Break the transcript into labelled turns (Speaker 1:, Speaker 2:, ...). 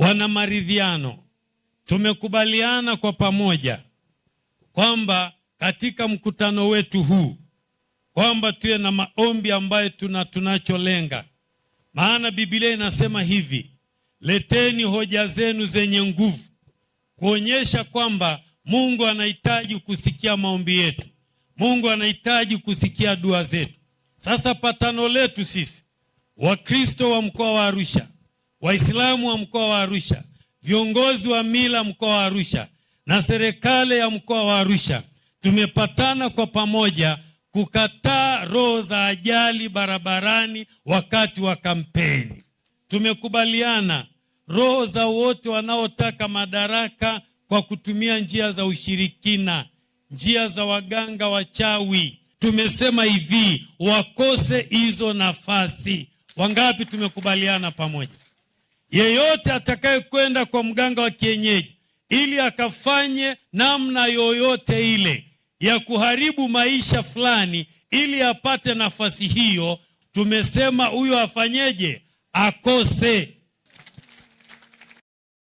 Speaker 1: wana maridhiano. Tumekubaliana kwa pamoja kwamba katika mkutano wetu huu kwamba tuwe na maombi ambayo tuna tunacholenga, maana Biblia inasema hivi, leteni hoja zenu zenye nguvu, kuonyesha kwamba Mungu anahitaji kusikia maombi yetu, Mungu anahitaji kusikia dua zetu. Sasa patano letu sisi Wakristo wa mkoa wa Arusha Waislamu wa mkoa wa Arusha, viongozi wa mila mkoa wa Arusha na serikali ya mkoa wa Arusha tumepatana kwa pamoja kukataa roho za ajali barabarani wakati wa kampeni. Tumekubaliana roho za wote wanaotaka madaraka kwa kutumia njia za ushirikina, njia za waganga wachawi. Tumesema hivi wakose hizo nafasi. Wangapi tumekubaliana pamoja? Yeyote atakayekwenda kwa mganga wa kienyeji ili akafanye namna yoyote ile ya kuharibu maisha fulani ili apate nafasi hiyo, tumesema huyo afanyeje? Akose.